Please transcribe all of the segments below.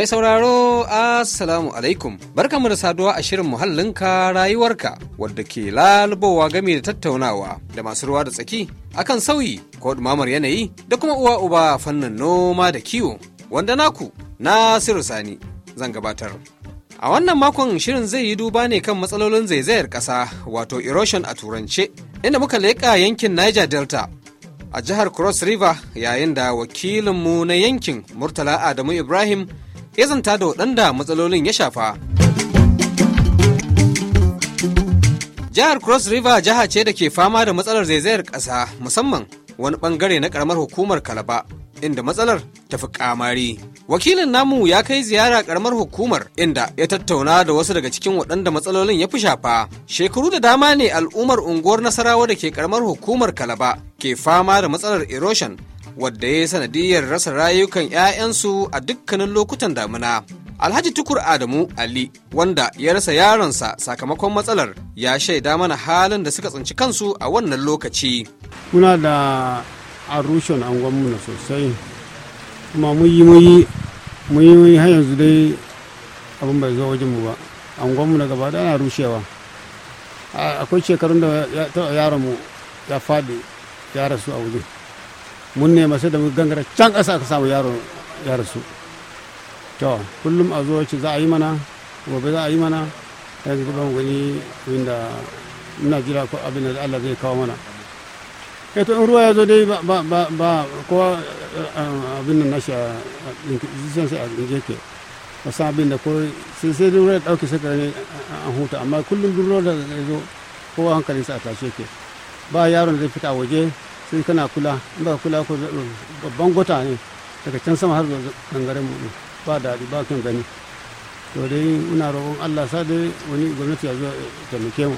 Mai sauraro Assalamu alaikum mu da saduwa a shirin muhallinka rayuwarka wadda ke lalubowa game da tattaunawa da masu ruwa da tsaki akan sauyi ko dumamar yanayi da kuma uwa uba fannin noma da kiwo wanda naku Nasiru Sani zan gabatar. A wannan makon shirin zai yi duba ne kan matsalolin zaizayar ƙasa wato erosion a turance inda muka leƙa yankin Niger Delta a jihar Cross River yayin da wakilinmu na yankin Murtala Adamu Ibrahim ya zanta da waɗanda matsalolin ya shafa. Jihar Cross River jiha ce da ke fama da matsalar zaizayar ƙasa musamman wani ɓangare na ƙaramar hukumar Kalaba inda matsalar ta fi ƙamari. Wakilin namu ya kai ziyara ƙaramar hukumar inda ya tattauna da wasu daga cikin waɗanda matsalolin ya fi shafa. Shekaru da dama ne al'ummar unguwar Nasarawa da ke ƙaramar hukumar Kalaba ke fama da matsalar erosion wadda ya yi sanadiyar rasa rayukan 'ya'yansu a dukkanin lokutan damuna. Alhaji Tukur Adamu Ali wanda ya rasa yaronsa sakamakon matsalar ya shaida mana halin da suka tsinci kansu a wannan lokaci. Muna da arushin angonmu na sosai kuma muyi muyi muyi muyi har yanzu dai abin bai zo wajenmu ba angonmu na gaba na rushewa akwai shekarun da yaronmu ya faɗi ya rasu a wajen. mun nema sai da mu gangara can ƙasa aka samu yaro ya rasu to kullum a zo za a yi mana gobe za a yi mana yanzu kuma gani inda ina jira ko abin da Allah zai kawo mana kai eh, to in ruwa ya zo dai ba ba ba kowa eh, abin nan nashi a jikin sai a rinje ke ba san abin da ko sai sai ruwa ya dauke saka ne an huta amma kullum duk ruwa da ya zo kowa hankalinsa a tashe ke ba yaron da zai fita waje sai kana kula in ba kula ko babban gota ne daga can sama har gangaren mu ba daɗi ba kan gani to dai muna roƙon Allah sa dai wani gwamnati ya zo muke mu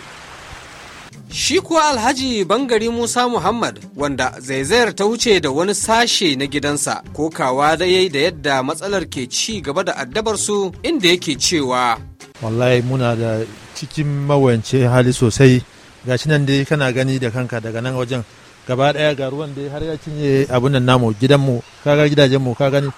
Shi kuwa Alhaji Bangari Musa Muhammad wanda zaizayar ta wuce da wani sashe na gidansa ko kawa da yayi da yadda matsalar ke ci gaba da addabar su inda yake cewa. Wallahi muna da cikin mawance hali sosai gashi nan dai kana gani da kanka daga nan wajen gaba daya ga ruwan da har ya cinye abun nan namu gidanmu kaga gidajenmu ka gani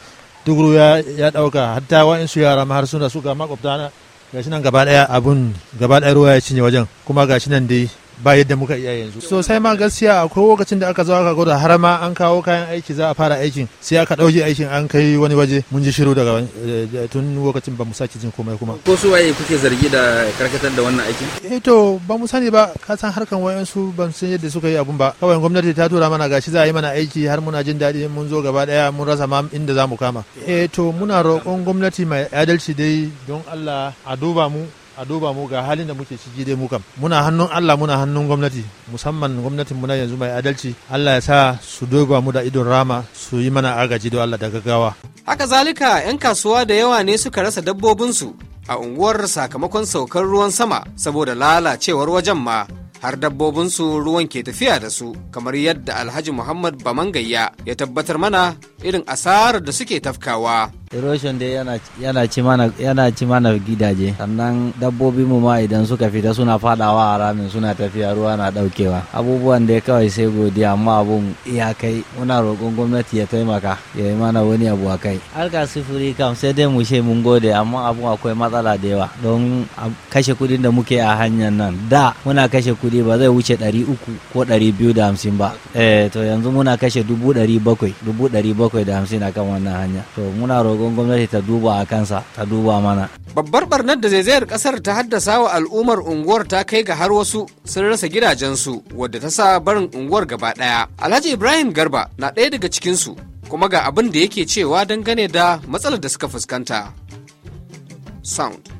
duk ruwa ya dauka hatta wa'insu yara ma har suna su ga makwabta na gashi nan gaba daya abun gaba daya ruwa ya cinye wajen kuma gashi nan dai ba yadda muka iya yanzu sosai ma gaskiya akwai lokacin da aka zo aka gwada har ma an kawo kayan aiki za a fara aikin sai aka ɗauke aikin an kai wani waje mun ji shiru daga eh, eh, tun lokacin ba mu sake jin komai kuma ko su waye kuke zargi da karkatar da wannan aikin eh to ba mu sani ba ka san harkan wayansu ban san yadda suka yi abun ba kawai gwamnati ta tura mana gashi za a yi mana aiki har muna jin daɗi mun zo gaba ɗaya mun rasa ma inda za mu kama eh to muna roƙon gwamnati mai adalci dai don Allah a duba mu a duba mu ga halin da muke ciki dai mu kam muna hannun Allah muna hannun gwamnati musamman gwamnatin mu na yanzu mai adalci Allah ya sa su duba mu da idon rama su yi mana agaji da Allah da gaggawa haka zalika 'yan kasuwa da yawa ne suka rasa dabbobinsu a unguwar sakamakon saukar ruwan sama saboda lalacewar wajen ma har dabbobinsu ruwan ke tafiya da su kamar yadda alhaji muhammad bamangayya ya tabbatar mana irin asarar da suke tafkawa. Erosion dai yana ci mana gidaje sannan dabbobi mu ma idan suka fita suna fadawa a ramin suna tafiya ruwa na daukewa abubuwan da ya kawai sai godiya amma abun ya kai muna roƙon gwamnati ya taimaka ya yi mana wani abu a kai alka sufuri kam sai dai mu ce mun gode amma abun akwai matsala da yawa don kashe kuɗin da muke a hanyar nan da muna kashe kuɗi ba zai wuce ɗari uku ko ɗari biyu da hamsin ba eh to yanzu muna kashe dubu ɗari bakwai dubu ɗari bakwai bakwai da hamsin akan wannan hanya to muna roƙon gwamnati ta duba a kansa ta duba mana babbar barnar da zaizayar kasar ta haddasa wa al'ummar unguwar ta kai ga har wasu sun rasa gidajensu wadda ta sa barin unguwar gaba ɗaya alhaji ibrahim garba na ɗaya daga cikin su kuma ga abin da yake cewa dangane da matsalar da suka fuskanta sound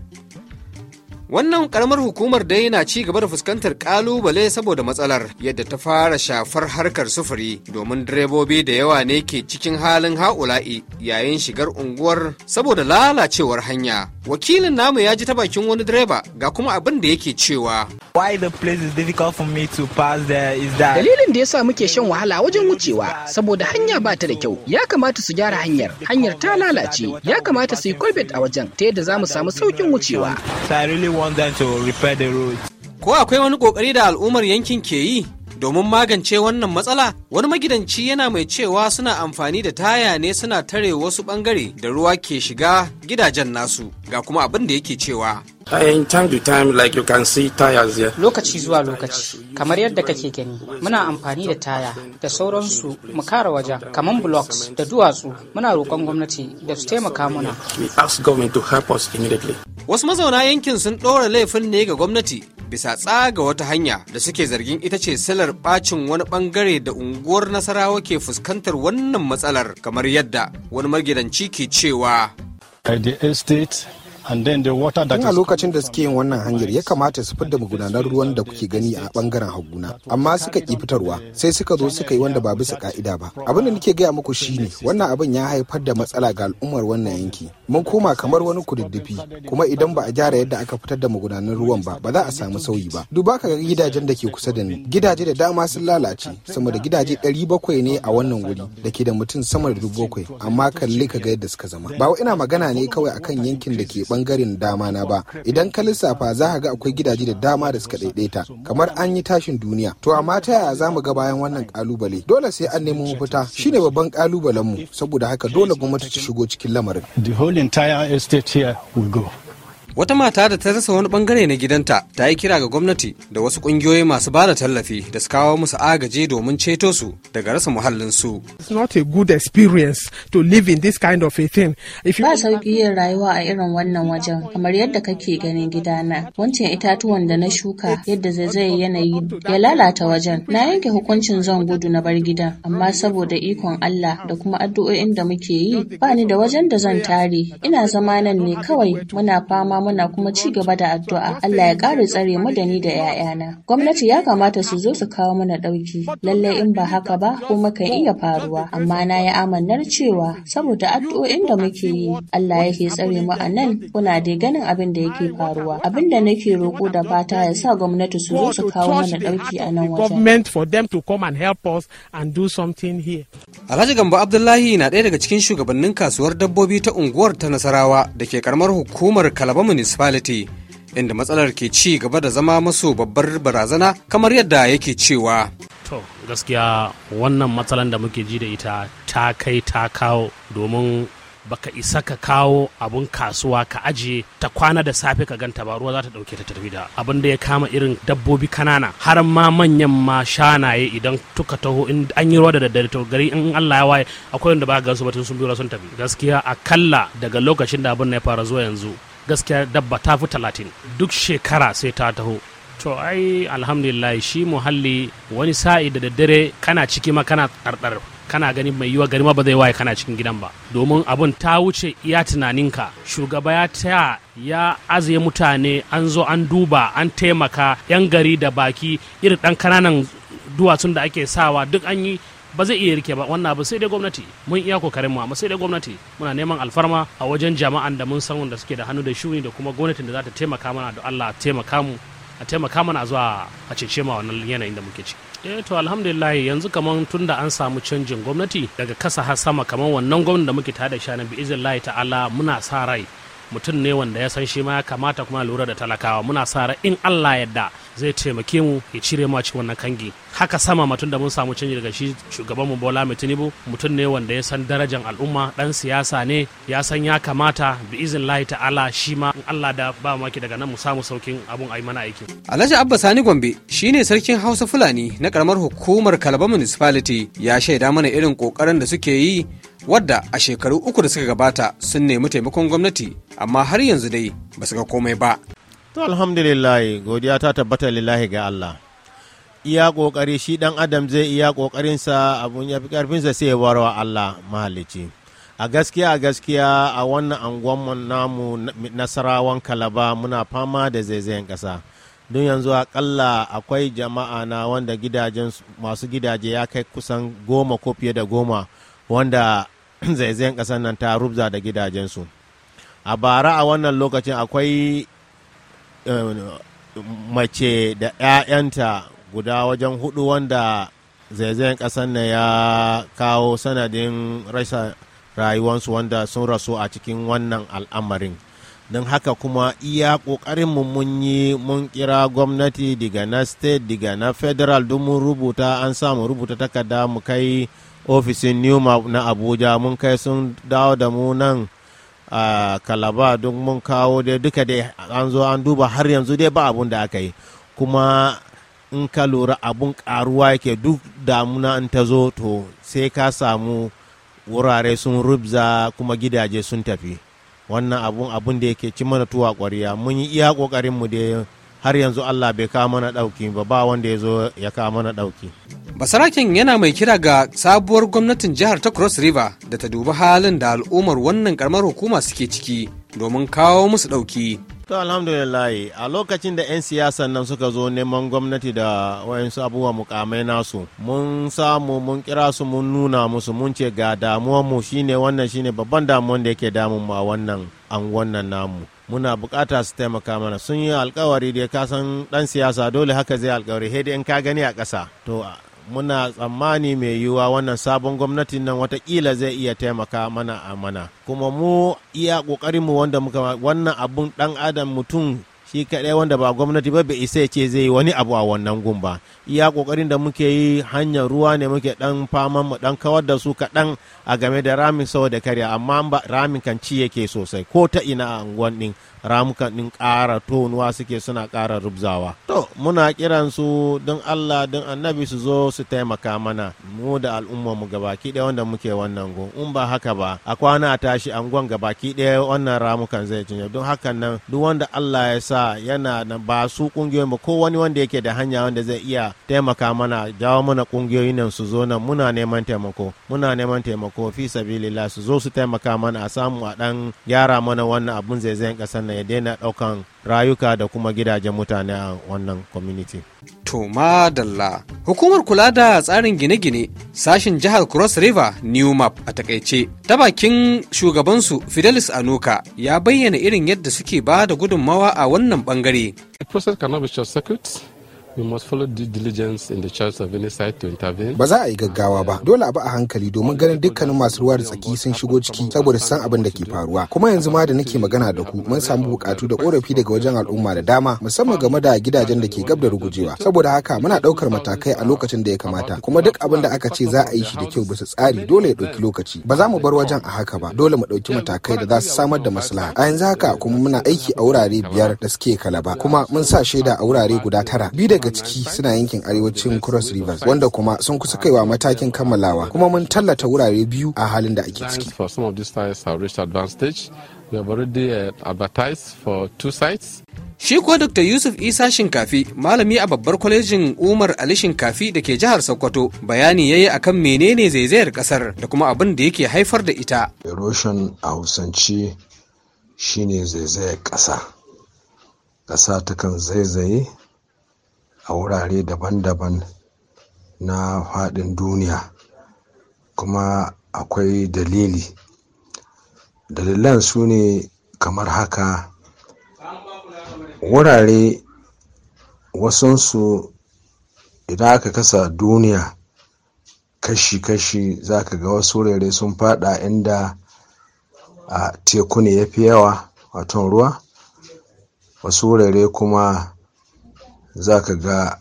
Wannan karamar hukumar daya yana ci gaba da fuskantar kalubale saboda matsalar yadda ta fara shafar harkar sufuri domin direbobi da yawa ne ke cikin halin ha'ula'i yayin shigar unguwar saboda lalacewar hanya. Wakilin namu ya ji ta bakin wani direba ga kuma abin da yake cewa. the place is difficult for Dalilin da yasa muke shan wahala wajen wucewa saboda hanya ba ta da kyau. Ya kamata su gyara hanyar. Hanyar ta lalace. Ya kamata su yi a wajen ta yadda za mu samu saukin wucewa. want them to repair the road. Ko akwai wani kokari da al'ummar yankin ke yi Domin magance wannan matsala, wani magidanci yana mai cewa suna amfani da taya ne suna tare wasu bangare da ruwa ke shiga gidajen nasu. Ga kuma abin da yake cewa. In time to time like you can see tires here. Lokaci zuwa lokaci, kamar yadda kake gani, muna amfani da taya da sauransu mu kara wajen, kamar blocks da duwatsu, muna roƙon gwamnati da su taimaka mana. We ask government to help us immediately. Wasu mazauna yankin sun ɗora laifin ne ga gwamnati bisa tsaga wata hanya da suke zargin ita ce salar bacin wani bangare da unguwar nasarawa ke fuskantar wannan matsalar kamar yadda wani magidanci ke cewa. At the a lokacin da suke yin wannan hanyar ya kamata su fidda magudanar ruwan da kuke gani a bangaren haguna amma suka ki fitarwa sai suka zo suka yi wanda ba bisa ka'ida ba abin da nake gaya muku shine wannan abin ya haifar da matsala ga al'ummar wannan yanki mun koma kamar wani kududdufi kuma idan ba a gyara yadda aka fitar da magudanar ruwan ba ba za a samu sauyi ba duba ka ga gidajen da ke kusa da ni gidaje da dama sun lalace sama da gidaje 700 ne a wannan wuri da ke da mutum sama da 700 amma kalli ka ga yadda suka zama ba ina magana ne kawai akan yankin da ke bangaren dama na ba idan ka lissafa za ka ga akwai gidaje da dama da suka daidaita kamar an yi tashin duniya to amma ta yaya za mu ga bayan wannan kalubale dole sai an nemo mafita shine babban kalubalen mu saboda haka dole gwamnati ta shigo cikin lamarin the whole entire estate here will go Wata mata da ta rasa wani bangare na gidanta ta yi kira ga gwamnati da wasu kungiyoyi masu ba da tallafi da su kawo musu agaji domin ceto su daga rasa muhallinsu. It's not a good experience to live in this kind of a thing. Ba sauki yin rayuwa a irin wannan wajen kamar yadda kake ganin gidana. Wancan itatuwan da na shuka yadda zai yanayi ya lalata wajen. Na yanke hukuncin zan gudu na bar gidan amma saboda ikon Allah da kuma addu'o'in da muke yi ba ni da wajen da zan tare. Ina zama nan ne kawai muna fama muna kuma ci gaba da addu'a Allah ya ƙara tsare mu da ni da 'ya'yana. Gwamnati ya kamata su zo su kawo mana ɗauki. Lallai in ba haka ba ko kan iya faruwa. Amma na yi amannar cewa saboda addu'o'in da muke yi Allah yake tsare mu a nan kuna dai ganin abin da yake faruwa. Abin da nake roƙo da fata ya sa gwamnati su zo su kawo mana ɗauki a nan wajen. for them to come and help Alhaji Gambo Abdullahi na ɗaya daga cikin shugabannin kasuwar dabbobi ta unguwar ta Nasarawa da ke karamar hukumar Kalabamin municipality inda matsalar ke ci gaba da zama masu babbar barazana kamar yadda yake cewa to gaskiya wannan matsalar da muke ji da ita ta kai ta kawo domin baka isa ka kawo abun kasuwa ka ajiye ta kwana da safe ka ganta ba ruwa za ta dauke ta tafi da abin da ya kama irin dabbobi kanana har ma manyan ma shanaye idan tuka taho in an yi ruwa da daddare to gari in Allah ya waye akwai wanda ba ga su batun sun biyo sun tafi gaskiya akalla daga lokacin da abin ya fara zuwa yanzu gaskiya dabba ta fi talatin duk shekara sai ta taho to ai alhamdulillah shi muhalli wani sa'i da daddare kana ciki ma kana tsardar kana gani mai yiwa gani ma ba zai waye kana cikin gidan ba domin abun ta wuce iya tunaninka shugaba ya taya ya azaye mutane an zo an duba an taimaka yan gari da baki irin dan kananan duwatsun da ake sawa duk an yi ba zai iya rike ba wannan abu sai dai gwamnati mun iya kokarin mu amma sai dai gwamnati muna neman alfarma a wajen jama'an da mun san wanda suke da hannu da shuni da kuma gwamnatin da za ta taimaka mana da Allah taimaka mu a taimaka mana zuwa a cece ma wannan yanayin da muke ci eh to alhamdulillah yanzu kaman tunda an samu canjin gwamnati daga kasa har sama kaman wannan gwamnati da muke tada shana bi izin ta'ala muna sa rai mutum ne wanda ya san shi ma ya kamata kuma lura da talakawa muna sa ra in Allah yadda zai taimake mu ya cire mu a cikin wannan kangi haka sama mutum da mun samu canji daga shi shugaban mu Bola Tinubu mutum ne wanda ya san darajar al'umma dan siyasa ne ya san ya kamata bi izin lahi ta'ala shi ma in Allah da ba maki daga nan mu samu saukin abun ayi mana aiki Alhaji Abba Sani Gombe shine sarkin Hausa Fulani na karamar hukumar Kalaba municipality ya shaida mana irin kokarin da suke yi wadda a shekaru uku da suka gabata sun nemi taimakon gwamnati amma har yanzu dai ba su ga komai ba. To alhamdulillah godiya ta tabbata lillahi ga Allah. Iya kokari shi dan Adam zai iya kokarinsa abun ya fi karfinsa sai ya warwa Allah mahalicci. A gaskiya a gaskiya a wannan anguwar namu nasarawan kalaba muna fama da zaizayen kasa don yanzu akalla akwai jama'a na wanda gidajen masu gidaje ya kai kusan goma ko fiye da goma wanda zaizayen kasar nan ta rubza da gidajensu a bara a wannan lokacin akwai eh, mace da 'ya'yanta guda wajen hudu wanda zaizayen kasar nan ya kawo sanadin rasa rayuwansu wanda sun rasu a cikin wannan al'amarin don haka kuma iya ƙoƙarinmu mun yi mun kira gwamnati daga na state daga na federal don mun rubuta an samu rubuta takarda mu kai ofishin newma na abuja mun kai sun dawo da mu nan a kalaba duk mun kawo dai duka dai an zo an duba har yanzu dai ba abun da aka yi kuma in ka lura abun karuwa yake duk damuna in ta zo to sai ka samu wurare sun rubza kuma gidaje sun tafi wannan abun abun da yake ci mana tuwa kwariya mun yi iya mu da har yanzu Allah bai kawo mana ɗauki ba ba wanda ya zo ya kawo mana ɗauki. basarakin yana mai kira ga sabuwar gwamnatin jihar ta Cross River da ta dubi halin da al'ummar wannan karamar hukuma suke ciki domin kawo musu ɗauki. To alhamdulillah a lokacin da 'yan siyasan nan suka zo neman gwamnati da wayansu abubuwa mukamai nasu mun samu mun kira su mun nuna musu mun ce ga damuwanmu shine wannan shine babban damuwan da yake damun mu a wannan an wannan namu muna bukata su taimaka mana sun yi alkawari da ka san dan siyasa dole haka zai alkawari hedi in ka gani a ƙasa to muna tsammani mai yiwuwa wannan sabon gwamnatin nan watakila zai iya taimaka mana a mana kuma mu iya ƙoƙarinmu wanda muka wannan abun dan adam mutum shi kaɗai wanda ba gwamnati ba bai isa ce zai yi wani abu a wannan gun ba iya ƙoƙarin da muke yi hanyar ruwa ne muke ɗan faman mu ɗan kawar da su kaɗan a game da ramin saboda karya amma ramin kan ci yake sosai ko ta ina a unguwan ɗin ramukan din ƙara tonuwa suke suna ƙara rubzawa to muna kiran su don allah don annabi su zo su taimaka mana mu da al'ummarmu mu gabaki ɗaya wanda muke wannan gun in ba haka ba a kwana a tashi angon gabaki ɗaya wannan ramukan zai cinye don hakan nan duk wanda allah ya sa yana ba su ƙungiyoyin ba ko wani wanda yake da hanya wanda zai iya taimaka mana jawo mana ƙungiyoyin nan su zo nan muna neman taimako muna neman taimako fi sabilillah su zo su taimaka mana a samu a ɗan gyara mana wannan abun zai ƙasar nan ya daina ɗaukan rayuka da kuma gidajen mutane a wannan community. To madalla hukumar kula da tsarin gine-gine sashin jihar Cross River New Map a takaice ta bakin shugabansu Fidelis anoka ya bayyana irin yadda suke ba da gudunmawa a wannan bangare. The Ba za a yi gaggawa ba, dole abu a hankali domin ganin dukkanin masu ruwa da tsaki sun shigo ciki saboda san abin da ke faruwa. Kuma yanzu ma da nake magana da ku mun samu bukatu da korafi daga wajen al'umma da dama musamman game da gidajen da ke gab da rugujewa. Saboda haka muna ɗaukar matakai a lokacin da ya kamata kuma duk abin da aka ce za a yi shi da kyau bisa tsari dole ya ɗauki lokaci. Ba za mu bar wajen a haka ba, dole mu ɗauki matakai da za su samar da maslaha. A yanzu haka kuma muna aiki a wurare biyar da suke kalaba kuma mun sa shaida a wurare guda tara. Bi da daga ciki suna yankin arewacin cross rivers wanda kuma sun kusa kaiwa matakin kammalawa kuma mun tallata wurare biyu a halin da ake ciki uh, Shi kuwa Dr. Yusuf Isa Shinkafi, malami a babbar kwalejin Umar Ali Shinkafi da ke jihar Sokoto, bayani yayi akan menene zaizayar kasar da kuma abin da yake haifar da ita. Erosion a Hausance shine zaizayar ƙasa. Ƙasa takan zaizaye a wurare daban-daban na faɗin duniya kuma akwai dalili dalilan su ne kamar haka wurare wasansu idan aka kasa duniya kashi-kashi za ka ga wasu wurare sun fada inda a teku ne ya fi yawa waton ruwa wasu wurare kuma za ka ga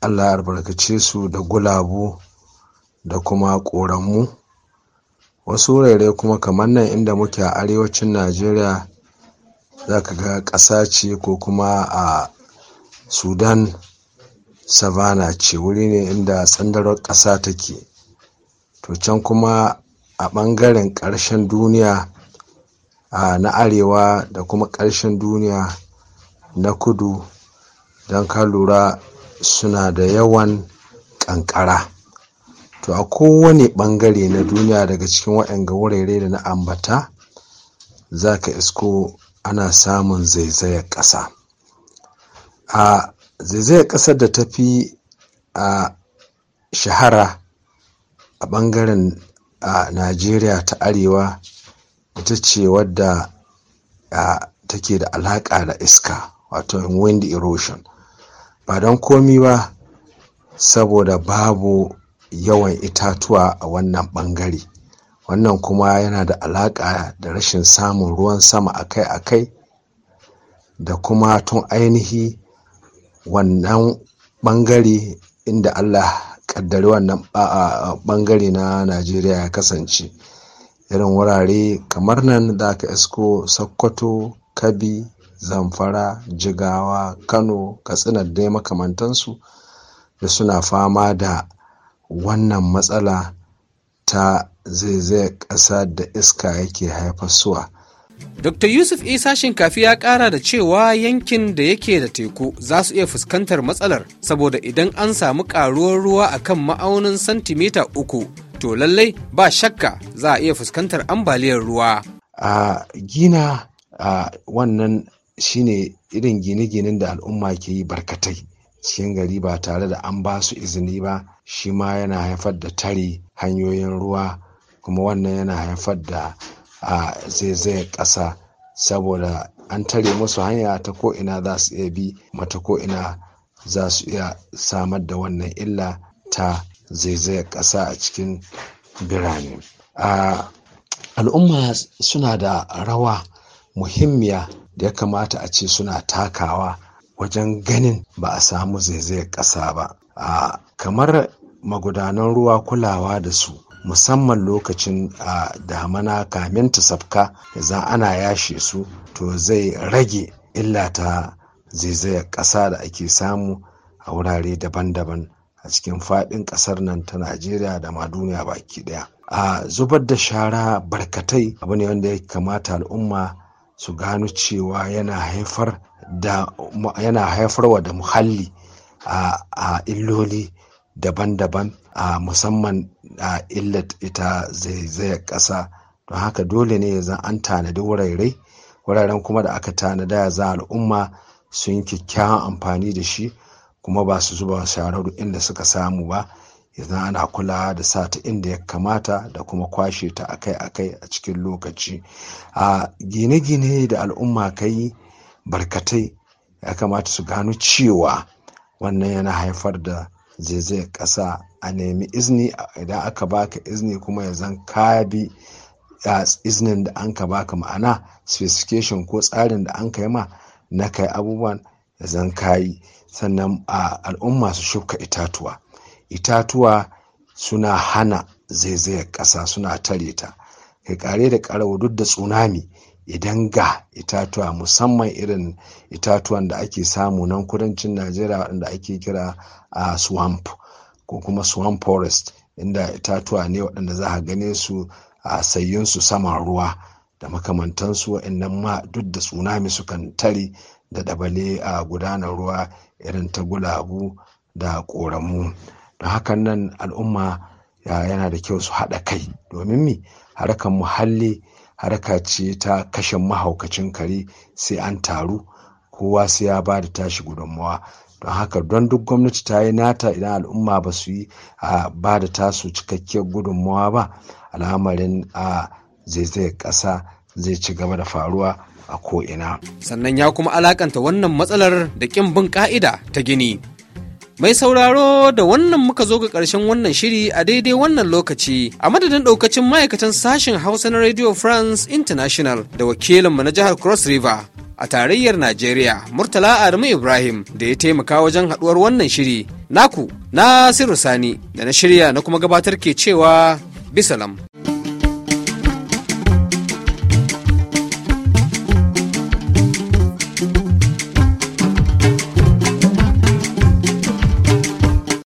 allah albarkace su da gulabu da kuma ƙoranmu wasu wurare kuma kamar nan inda muke a arewacin najeriya za ka ga ƙasa ce ko kuma a sudan savana ce wuri ne inda tsandarar ƙasa take to can kuma a ɓangaren ƙarshen duniya na arewa da kuma ƙarshen duniya na kudu don ka lura suna da yawan kankara to a kowane bangare na duniya daga cikin waɗanga wurare da na ambata za ka isko ana samun zaizayar ƙasa a zaizayar ƙasar da ta fi a shahara a ɓangaren a najeriya ta arewa ita ce wadda take da alaƙa da iska wato wind erosion ba don komi ba saboda babu yawan itatuwa a wannan ɓangare wannan kuma yana da alaƙa da rashin samun ruwan sama akai-akai da kuma tun ainihi wannan ɓangare inda allah ƙaddari wannan ɓangare na najeriya ya kasance irin wurare kamar nan za ka isko sokoto kabi zamfara jigawa kano katsina dai makamantansu da suna fama da wannan matsala ta zaizayar ƙasa da iska yake haifar suwa. Dr. Yusuf Isa Shinkafi ya ƙara da cewa yankin da yake da teku za su iya fuskantar matsalar saboda idan an samu ƙaruwar ruwa a kan ma'aunin santimita uku to lallai ba shakka za a iya fuskantar ambaliyar ruwa. A gina a wannan shine irin gine-ginen da al'umma ke yi barkatai cikin gari ba tare da an ba su izini ba shi ma yana haifar da tare hanyoyin ruwa kuma wannan yana haifar da a ƙasa saboda an tare musu hanya ta ko'ina za su iya bi mata ko'ina za su iya samar da wannan illa ta zaizayar ƙasa a cikin birane al'umma suna da rawa muhimmiya da ya kamata a ce suna takawa wajen ganin ba a samu zaizayar ƙasa ba a kamar magudanan ruwa kulawa da su musamman lokacin a damana kamin ta safka za ana yashe su to zai rage illa ta zaizayar ƙasa da ake samu a wurare daban-daban a cikin faɗin ƙasar nan ta najeriya da ma duniya baki ɗaya a zubar da shara barkatai abu ne wanda ya kamata al'umma su gano cewa yana haifar wa da muhalli a illoli daban-daban a musamman a illat ita zaizayar ƙasa don haka dole ne zan an tanadi wurare wuraren kuma da aka tanada za al'umma sun kyakkyawan amfani da shi kuma ba su zuba wasu inda suka samu ba idan ana kula da sa ta inda ya kamata da kuma kwashe ta akai-akai a cikin lokaci a gine-gine da al'umma ka barkatai ya kamata su gano cewa wannan yana haifar da zai ƙasa a nemi izini idan aka baka izini kuma ya zan kabi bi izinin da an ka baka ma'ana specification ko tsarin da an kai ma na kai abubuwan ya zan kayi sannan a al'umma su shuka itatuwa itatuwa suna hana zaizayar ƙasa suna tare ta kai kare da karau duk da tsunami idan ga itatuwa musamman irin itatuwan da ake samu nan kudancin najeriya waɗanda ake kira a uh, swamp ko kuma swamp forest inda itatuwa ne waɗanda za a gane su a uh, sayyunsu saman ruwa da makamantansu waɗannan ma duk da tsunami sukan tare da dabale a uh, gudanar ruwa irin ta gulabu da ƙoramu don hakan nan al'umma yana da kyau su haɗa kai domin mi harkar muhalli harka ce ta kashe mahaukacin kare sai an taru kowa sai ya ba da tashi gudunmawa don haka don duk gwamnati ta yi nata idan al'umma ba su yi ba da tasu cikakkiyar gudunmawa ba al'amarin a zaizayar ƙasa zai ci gaba da faruwa a ko'ina sannan ya kuma alakanta wannan matsalar da ƙin bin ƙa'ida ta gini Mai sauraro da wannan muka zo ga ƙarshen wannan shiri a daidai wannan lokaci a madadin ɗaukacin ma'aikatan sashen Hausa na Radio France International da wakilinmu na jihar Cross River a tarayyar Najeriya Murtala Adamu Ibrahim da ya taimaka wajen haɗuwar wannan shiri. Naku, Nasiru Sani da na shirya na kuma gabatar ke cewa bisalam.